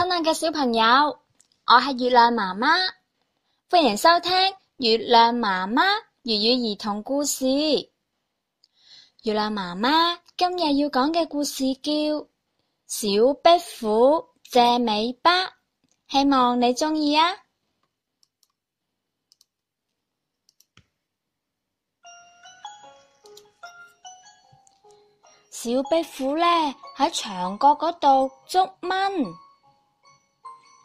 親愛嘅小朋友，我係月亮媽媽，歡迎收聽月亮媽媽粵語，語兒童故事。月亮媽媽今日要講嘅故事叫《小壁虎借尾巴》，希望你鍾意啊！小壁虎呢，喺牆角嗰度捉蚊。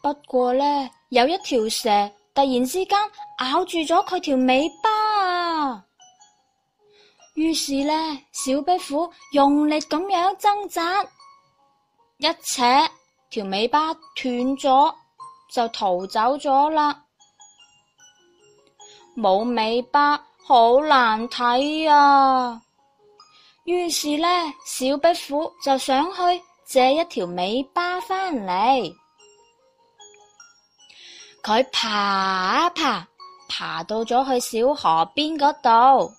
不過呢，有一條蛇突然之間咬住咗佢條尾巴啊！於是呢，小壁虎用力咁樣掙扎，一扯條尾巴斷咗，就逃走咗啦。冇尾巴好難睇啊！於是呢，小壁虎就想去借一條尾巴返嚟。佢爬一爬，爬到咗去小河邊嗰度。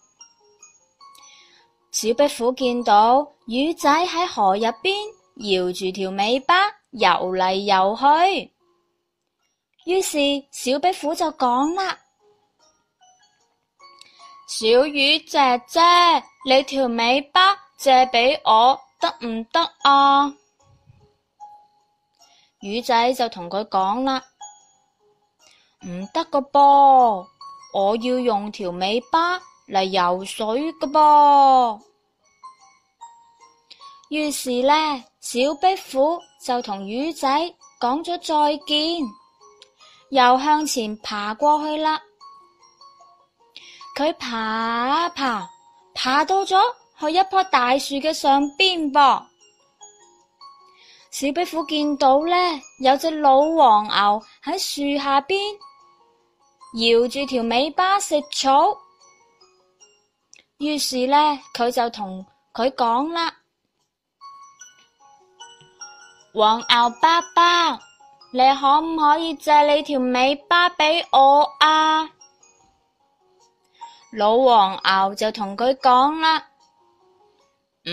小壁虎見到魚仔喺河入邊搖住條尾巴游嚟游去，於是小壁虎就講啦：小魚姐姐，你條尾巴借俾我得唔得啊？魚仔就同佢講啦。唔得㗎噃，我要用條尾巴嚟游水㗎噃。於是呢，小壁虎就同魚仔講咗再見，又向前爬過去啦。佢爬啊爬，爬到咗去一棵大樹嘅上邊噃。小壁虎見到呢，有隻老黃牛喺樹下邊。搖住條尾巴食草，於是呢，佢就同佢講啦：黃牛爸爸，你可唔可以借你條尾巴俾我啊？老黃牛就同佢講啦：唔，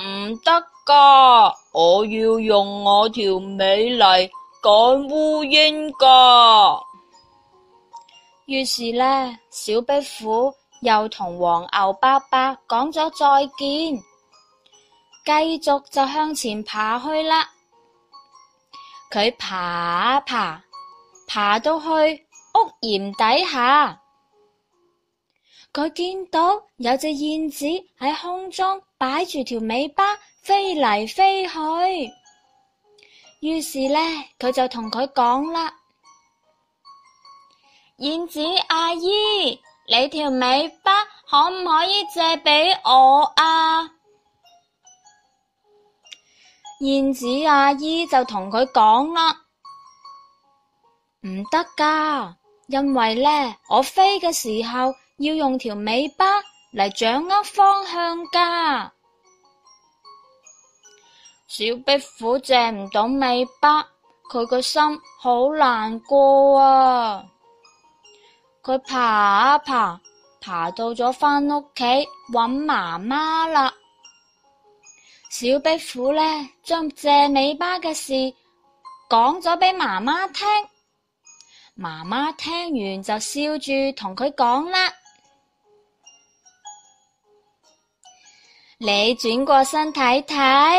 唔得噶，我要用我條尾嚟。趕烏蠅噶，於是呢，小壁虎又同黃牛爸爸講咗再見，繼續就向前爬去啦。佢爬爬，爬到去屋檐底下，佢見到有隻燕子喺空中擺住條尾巴飛嚟飛去。.於是呢，佢就同佢講啦：燕子阿姨，你條尾巴可唔可以借俾我啊？燕子阿姨就同佢講啦：唔得噶，因為呢，我飛嘅時候要用條尾巴嚟掌握方向噶。小壁虎借唔到尾巴，佢個心好難過啊！佢爬啊爬，爬到咗返屋企搵媽媽啦。小壁虎呢，將借尾巴嘅事講咗俾媽媽聽，媽媽聽完就笑住同佢講啦：你轉過身睇睇。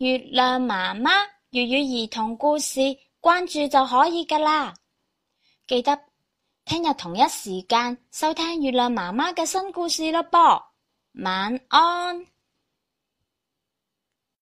月亮媽媽粵語兒童故事，關注就可以噶啦。記得聽日同一時間收聽月亮媽媽嘅新故事啦噃。晚安。